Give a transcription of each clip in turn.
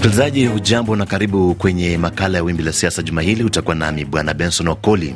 Msikilizaji hujambo na karibu kwenye makala ya Wimbi la Siasa. Juma hili utakuwa nami Bwana Benson Wakoli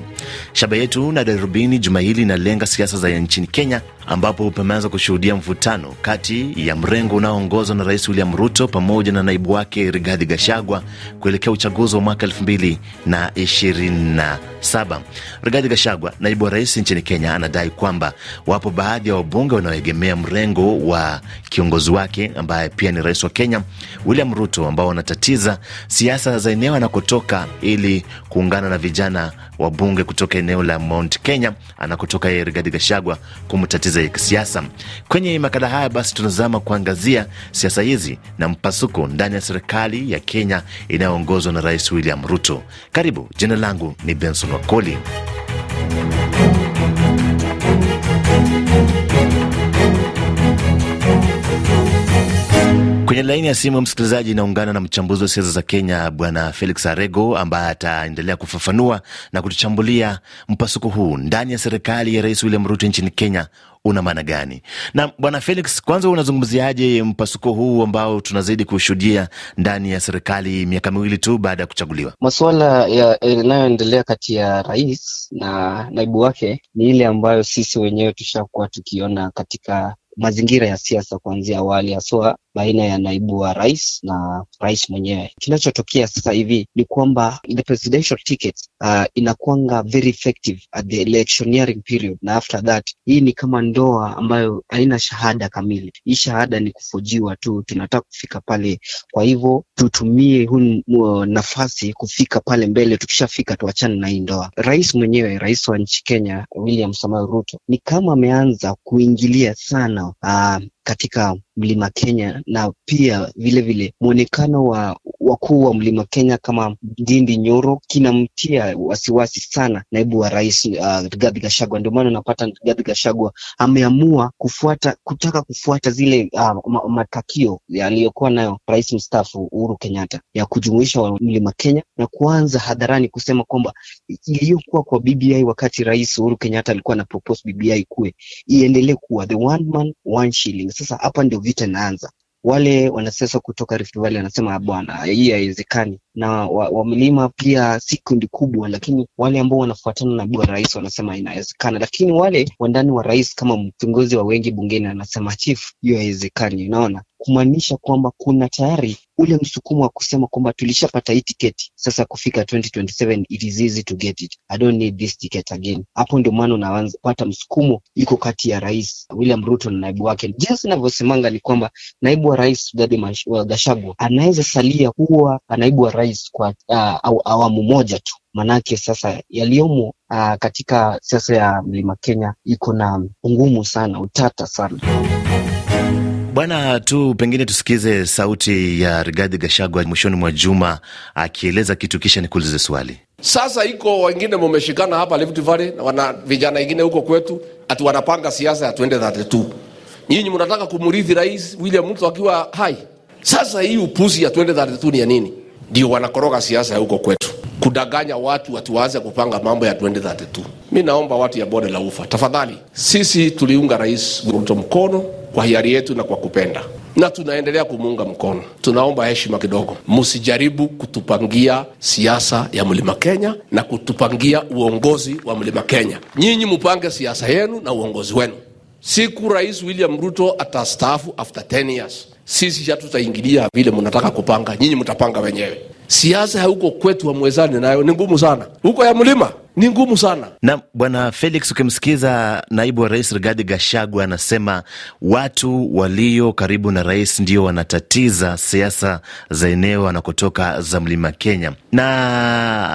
shaba yetu na darubini juma hili inalenga siasa za nchini Kenya, ambapo pameanza kushuhudia mvutano kati ya mrengo unaoongozwa na Rais William Ruto pamoja na naibu wake Rigathi Gashagwa kuelekea uchaguzi wa mwaka 2027. Rigathi Gashagwa, naibu wa rais nchini Kenya, anadai kwamba wapo baadhi ya wabunge wanaoegemea mrengo wa kiongozi wake ambaye pia ni rais wa Kenya William Ruto, ambao wanatatiza siasa za eneo anakotoka ili kuungana na vijana wabunge kutoka eneo la Mount Kenya anakotoka yeye Rigathi Gachagua kumtatiza kisiasa. Kwenye makala haya basi tunazama kuangazia siasa hizi na mpasuko ndani ya serikali ya Kenya inayoongozwa na Rais William Ruto. Karibu, jina langu ni Benson Wakoli. Kwenye laini ya simu msikilizaji, inaungana na mchambuzi wa siasa za Kenya Bwana Felix Arego ambaye ataendelea kufafanua na kutuchambulia mpasuko huu ndani ya serikali ya Rais William Ruto nchini Kenya una maana gani. Na Bwana Felix, kwanza unazungumziaje mpasuko huu ambao tunazidi kushuhudia ndani ya serikali miaka miwili tu baada ya kuchaguliwa? Masuala yanayoendelea kati ya rais na naibu wake ni ile ambayo sisi wenyewe tushakuwa tukiona katika mazingira ya siasa kuanzia awali, haswa baina ya naibu wa rais na rais mwenyewe. Kinachotokea sasa hivi ni kwamba the presidential ticket uh, inakuanga very effective at the electioneering period, na after that hii ni kama ndoa ambayo haina shahada kamili. Hii shahada ni kufujiwa tu, tunataka kufika pale. Kwa hivyo tutumie huu nafasi kufika pale mbele, tukishafika tuachane na hii ndoa. Rais mwenyewe, rais wa nchi Kenya William Samoei Ruto ni kama ameanza kuingilia sana uh, katika mlima Kenya na pia vilevile mwonekano wa wakuu wa mlima Kenya kama Ndindi Nyoro kinamtia wasiwasi sana naibu wa rais uh, Rigathi Gachagua. Ndio maana unapata Rigathi Gachagua ameamua kufuata kutaka kufuata zile uh, matakio yaliyokuwa nayo rais mstaafu Uhuru Kenyatta ya kujumuisha wa mlima Kenya na kuanza hadharani kusema kwamba iliyokuwa kwa BBI wakati rais Uhuru Kenyatta alikuwa na propose BBI kuwe iendelee kuwa the one man one shilling sasa hapa ndio vita inaanza. Wale wanasiasa kutoka Rift Valley wanasema bwana, hii haiwezekani, na wamelima wa pia si kundi kubwa, lakini wale ambao wanafuatana na bwana rais wanasema inawezekana, lakini wale wandani wa rais kama mkiongozi wa wengi bungeni anasema chief, hiyo haiwezekani. Unaona, kumaanisha kwamba kuna tayari ule msukumo wa kusema kwamba tulishapata hii tiketi, sasa kufika 2027 it is easy to get it, I don't need this ticket again. Hapo ndio maana unaanza kupata msukumo, iko kati ya rais William Ruto na naibu wake. Jinsi inavyosemanga ni kwamba naibu wa rais Rigathi Gachagua anaweza salia kuwa naibu wa rais rais kwa uh, awamu moja tu, manake sasa yaliyomo uh, ah, katika siasa ya mlima Kenya iko na ngumu sana, utata sana Bwana tu pengine tusikize sauti ya Rigathi Gachagua mwishoni mwa juma akieleza kitu, kisha nikuulize swali. Sasa iko wengine mumeshikana hapa Rift Valley na wana vijana wengine huko kwetu, ati wanapanga siasa ya 2032 nyinyi mnataka kumrithi rais William Ruto akiwa hai. Sasa hii upuzi ya 2032 ni ya nini? ndio wanakoroga siasa huko kwetu, kudanganya watu watuwaze kupanga mambo ya 2032. Mi naomba watu ya bonde la ufa, tafadhali, sisi tuliunga Rais Ruto mkono kwa hiari yetu na kwa kupenda, na tunaendelea kumuunga mkono. Tunaomba heshima kidogo, msijaribu kutupangia siasa ya mlima Kenya na kutupangia uongozi wa mlima Kenya. Nyinyi mupange siasa yenu na uongozi wenu. Siku Rais William Ruto atastaafu after 10 years sisi hatutaingilia vile mnataka kupanga, nyinyi mtapanga wenyewe. Siasa ya huko kwetu Wamwezani nayo ni ngumu sana, huko ya mlima ni ngumu sana. Na bwana Felix, ukimsikiza naibu wa rais Rigathi Gachagua anasema watu walio karibu na rais ndio wanatatiza siasa za eneo anakotoka za mlima Kenya, na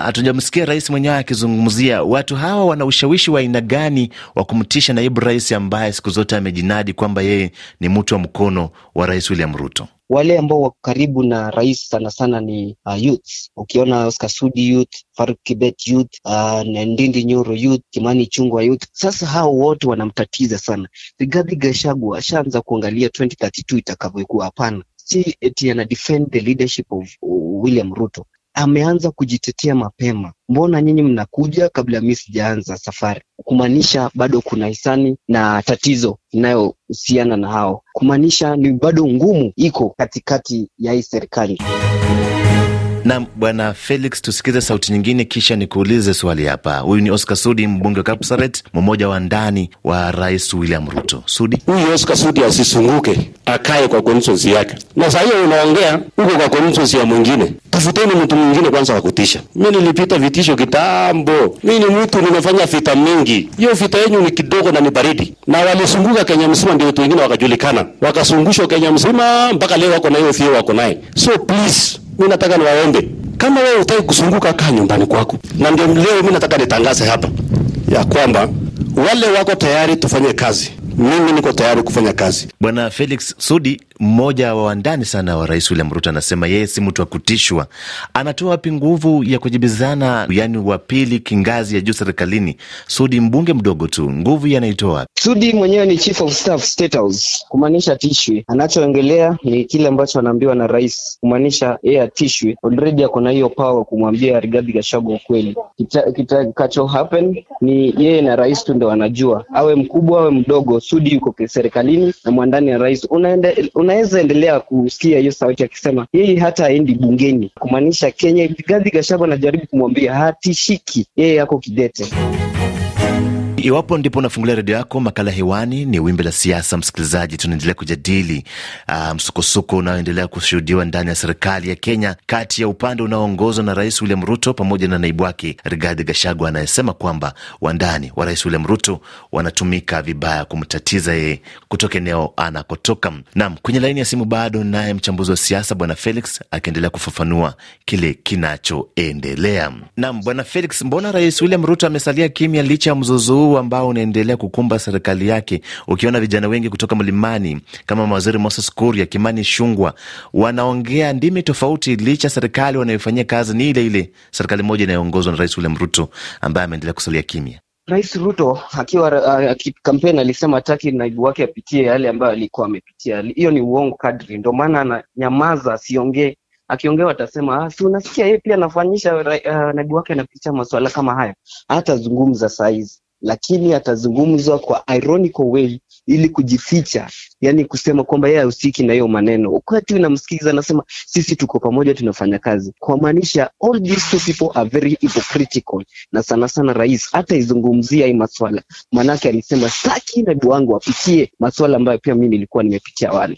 hatujamsikia rais mwenyewe akizungumzia watu hawa wana ushawishi wa aina gani wa kumtisha naibu rais ambaye siku zote amejinadi kwamba yeye ni mtu wa mkono wa rais William Ruto. Wale ambao wako karibu na rais sana sana ni uh, youths. Ukiona Oscar Sudi youth, Faruk Kibet youth, uh, Ndindi Nyoro youth, Kimani Chungwa youth. Sasa hao wote wanamtatiza sana. Rigathi Gachagua ashaanza kuangalia 2032 itakavyokuwa. Hapana, si eti ana defend the leadership of uh, William Ruto ameanza kujitetea mapema, mbona nyinyi mnakuja kabla mi sijaanza safari? Kumaanisha bado kuna hisani na tatizo inayohusiana na hao, kumaanisha ni bado ngumu iko katikati ya hii serikali na Bwana Felix, tusikize sauti nyingine, kisha nikuulize swali hapa. Huyu ni Oscar Sudi, mbunge wa Kapsaret, mmoja wa ndani wa Rais William Ruto. Sudi, huyu Oscar Sudi asisunguke, akae kwa konsosi yake, na saa hiyo unaongea huko kwa konsosi ya mwingine. Tafuteni mtu mwingine kwanza wa kutisha. Mi nilipita vitisho kitambo, mi ni mtu nimefanya vita mingi. Hiyo vita yenyu ni kidogo na ni baridi, na walisunguka Kenya mzima, ndio watu wengine wakajulikana, wakasungushwa Kenya mzima, mpaka leo wako na hiyo fio wako naye. So please mi nataka niwaombe, kama wewe hutaki kuzunguka, kaa nyumbani kwako. Na ndio leo mi nataka nitangaze hapa ya kwamba wale wako tayari tufanye kazi, mimi niko tayari kufanya kazi. Bwana Felix Sudi mmoja wa wandani sana wa Rais William Ruto anasema yeye si mtu wa kutishwa. Anatoa wapi nguvu ya kujibizana, yani wa pili kingazi ya juu serikalini? Sudi mbunge mdogo tu, nguvu yanaitoa Sudi mwenyewe ni chief of staff State House, kumaanisha tishwi. Anachoongelea ni kile ambacho anaambiwa na rais, kumaanisha yeye atishwi. Already ako na hiyo power kumwambia Rigathi Gachagua ukweli. Kitakacho kita happen ni yeye na rais tu ndo anajua, awe mkubwa awe mdogo. Sudi yuko serikalini na mwandani ya rais unaende, una unaweza endelea kusikia hiyo sauti akisema yeye hata aendi bungeni, kumaanisha Kenya. Rigathi Gachagua anajaribu kumwambia hatishiki, yeye yako kidete. Iwapo ndipo unafungulia redio yako, makala hewani ni wimbi la siasa. Msikilizaji, tunaendelea kujadili uh, msukosuko unaoendelea kushuhudiwa ndani ya serikali ya Kenya kati ya upande unaoongozwa na Rais William Ruto pamoja na naibu wake Rigathi Gachagua anayesema kwamba wandani wa Rais William Ruto wanatumika vibaya kumtatiza yeye kutoka eneo anakotoka. nam kwenye laini ya simu bado naye mchambuzi wa siasa Bwana Felix akiendelea kufafanua kile kinachoendelea. nam Bwana Felix, mbona Rais William Ruto amesalia kimya licha ya mzozo huu huu ambao unaendelea kukumba serikali yake, ukiona vijana wengi kutoka mlimani kama mawaziri Moses Kuria, Kimani Shungwa wanaongea ndimi tofauti, licha serikali wanayofanyia kazi ni ile ile, serikali moja inayoongozwa na Rais William Ruto ambaye ameendelea kusalia kimya. Rais Ruto akiwa uh, alisema hataki naibu wake apitie yale ambayo alikuwa amepitia. Hiyo ni uongo kadri, ndo maana ananyamaza asiongee. Akiongea watasema ah, si unasikia yeye pia anafanyisha uh, naibu wake anapitia masuala kama haya. Hatazungumza saa hizi, lakini atazungumza kwa ironical way ili kujificha, yani kusema kwamba yeye hahusiki na hiyo maneno. Wakati unamsikiliza anasema sisi tuko pamoja, tunafanya kazi, kwa maanisha all these two people are very hypocritical, na sana sana rais hata izungumzia hii maswala, maanake alisema sitaki naibu wangu apitie maswala ambayo pia mimi nilikuwa nimepitia wale.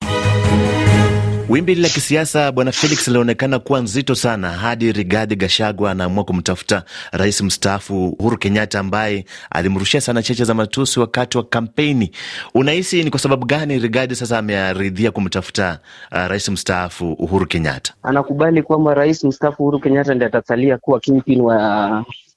Wimbi la kisiasa bwana Felix linaonekana kuwa nzito sana, hadi Rigathi Gachagua anaamua kumtafuta rais mstaafu Uhuru Kenyatta ambaye alimrushia sana cheche za matusi wakati wa kampeni. Unahisi ni kwa sababu gani Rigathi sasa amearidhia kumtafuta uh, rais mstaafu Uhuru Kenyatta? Anakubali kwamba rais mstaafu Uhuru Kenyatta ndiye atasalia kuwa kingpin wa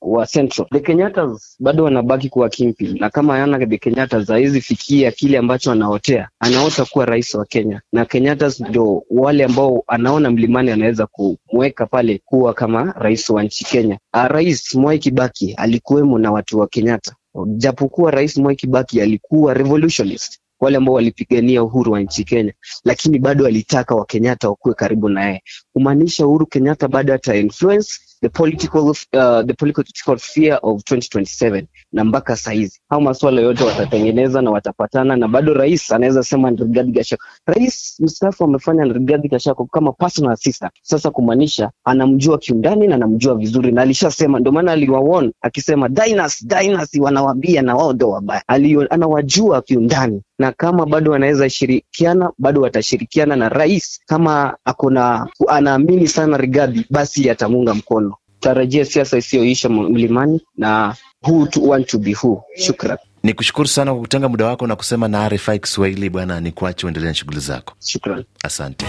wa Central. The Kenyatas bado wanabaki kuwa kingpin, na kama yana the Kenyatas hawezi fikia kile ambacho anaotea, anaota kuwa rais wa Kenya, na Kenyatas ndio wale ambao anaona mlimani anaweza kumweka pale kuwa kama rais wa nchi Kenya. A ah, rais Mwai Kibaki alikuwemo na watu wa Kenyatta, japokuwa rais Mwai Kibaki alikuwa revolutionist wale ambao walipigania uhuru wa nchi Kenya, lakini bado alitaka Wakenyatta wakuwe karibu na yeye, kumaanisha Uhuru Kenyatta bado ata influence the political, uh, the political sphere of 2027 na mpaka sahizi hao maswala yote watatengeneza na watapatana, na bado rais anaweza sema Rigathi gashako Rais mstaafu amefanya Rigathi gashako kama personal assistant, sasa kumaanisha anamjua kiundani na anamjua vizuri, na alishasema, ndio maana aliwaona akisema dynasty dynasty, wanawambia na wao ndio wabaya, anawajua kiundani na kama bado wanaweza shirikiana, bado watashirikiana na rais. Kama akona anaamini sana Rigathi, basi atamuunga mkono tarajia siasa isiyoisha mlimani na who to want to be who. Shukran. Ni kushukuru sana kwa kutenga muda wako na kusema na RFI Kiswahili. Bwana, ni kuache uendelee na shughuli zako. Shukran, asante.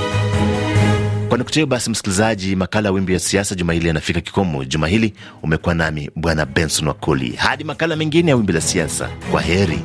Kwa nukta hiyo basi, msikilizaji, makala ya Wimbi ya Siasa juma hili yanafika kikomo. Juma hili umekuwa nami Bwana Benson Wakoli. Hadi makala mengine ya Wimbi la Siasa, kwa heri.